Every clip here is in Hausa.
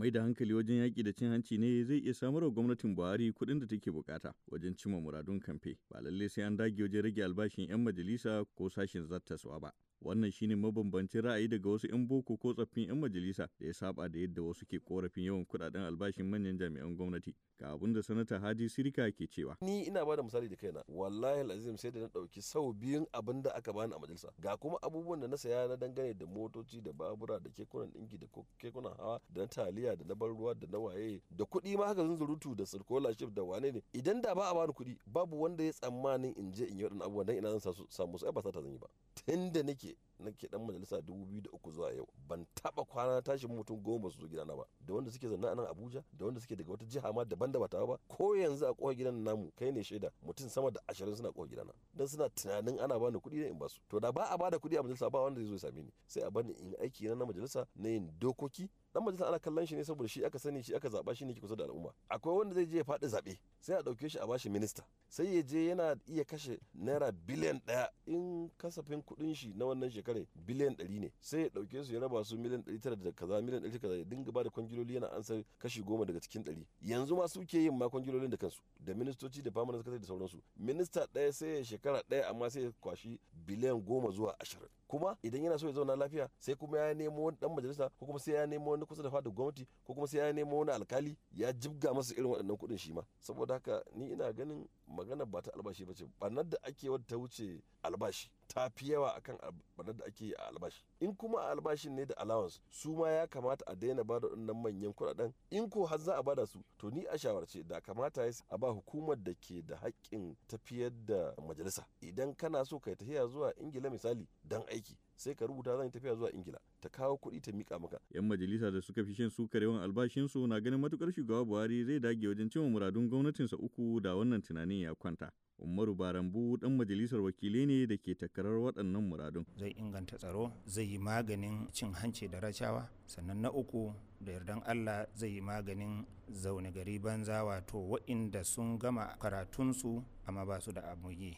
mai da hankali wajen yaƙi da cin hanci ne zai iya samar wa gwamnatin buhari kuɗin da take buƙata wajen cimma muradun kamfe ba lallai sai an dage wajen rage albashin 'yan majalisa ko sashin zattaswa ba wannan shine mabambancin ra'ayi daga wasu 'yan boko ko tsaffin 'yan majalisa da ya saba da yadda wasu ke korafin yawan kudaden albashin manyan jami'an gwamnati ga abin da sanata haji sirika ke cewa ni ina bada misali da kaina wallahi alazim sai da na dauki sau biyun abin da aka bani a majalisa ga kuma abubuwan da na saya na dangane da motoci da babura da kekunan dinki da kekunan hawa da na taliya da na bar ruwa da na waye da kuɗi ma haka zunzurutu da circular ship da wane ne idan da ba a bani kuɗi babu wanda ya tsammanin in je in yi waɗannan abubuwan dan ina zan samu su ai ba sa ta zan yi ba tunda nake it na ke dan majalisa dubu biyu da uku zuwa yau ban taba kwana tashin mutum goma su zo gidana ba da wanda suke zanna a nan Abuja da wanda suke daga wata jiha ma daban da ba ko yanzu a kowa gidan namu kai ne shaida mutum sama da ashirin suna kowa gidana dan suna tunanin ana bani kuɗi ne in ba su to da ba a bada kuɗi a majalisa ba wanda zai zo ya same ni sai a bani in aiki na majalisa na yin dokoki dan majalisa ana kallon shi ne saboda shi aka sani shi aka zaba shi ne ke kusa da al'umma akwai wanda zai je ya faɗi zaɓe sai a ɗauke shi a bashi minista sai ya je yana iya kashe naira biliyan ɗaya in kasafin kuɗin shi na wannan shekara kare biliyan 100 ne sai ya dauke su ya raba su miliyan 900 da kaza miliyan 100 kaza ya dinga ba da kwangiloli yana ansar kashi goma daga cikin 100 yanzu ma suke yin ma kwangilolin da kansu da ministoci da famanin sakatare da sauransu minista ɗaya sai ya shekara ɗaya amma sai ya kwashi biliyan goma zuwa ashirin kuma idan yana so ya zauna lafiya sai kuma ya nemo wani dan majalisa ko kuma sai ya nemo wani kusa da fadar gwamnati ko kuma sai ya nemo wani alkali ya jibga masa irin waɗannan kuɗin shi ma saboda haka ni ina ganin magana ba ta albashi ba ce ɓannar da ake wadda ta wuce albashi ta fi yawa akan barnar da ake yi a albashi in kuma albashin ne da allowance su ma ya kamata a daina bada wannan manyan kuɗaɗen in ko har za a bada su to ni a shawarce da kamata ya a ba hukumar da ke da haƙƙin tafiyar da majalisa idan kana so kai tafiya zuwa ingila misali dan aiki sai ka rubuta zan tafiya zuwa ingila ta kawo kuɗi ta mika maka yan majalisa da suka fi shan sukar yawan albashin su na ganin matukar shugaba buhari zai dage wajen cimma muradun gwamnatinsa uku da wannan tunanin ya kwanta Umaru Barambu dan majalisar wakilai ne da ke takarar waɗannan muradun. Zai inganta tsaro, zai yi maganin cin hanci da rashawa, sannan na uku da yardan allah zai yi maganin zaune gari banza wato wa'inda sun gama karatunsu amma ba su da abu yi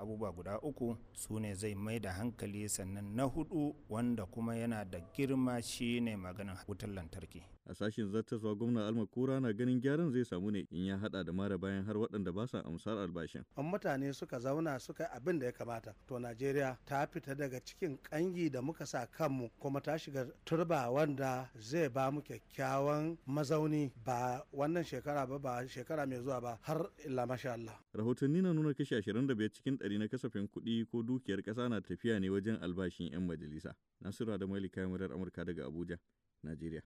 abubuwa guda uku su ne zai mai da hankali sannan na hudu wanda kuma yana da girma shi ne maganin wutar lantarki a sashin zartaswa gwamna alma kura na ganin gyaran zai samu ne in ya hada da mara bayan har waɗanda ba sa amsar albashin an mutane suka zauna suka abin da ya kamata to najeriya ta fita daga cikin kangi da muka sa kanmu kuma ta shiga turbawa wanda zai ba mu kyakkyawan mazauni ba wannan shekara ba ba shekara mai zuwa ba har illa masha Allah. Rahotanni na nuna kashi ashirin da biyar cikin ɗari na kasafin kuɗi ko dukiyar ƙasa na tafiya ne wajen albashin 'yan majalisa. Nasiru da kayan Murar Amurka daga Abuja, Najeriya.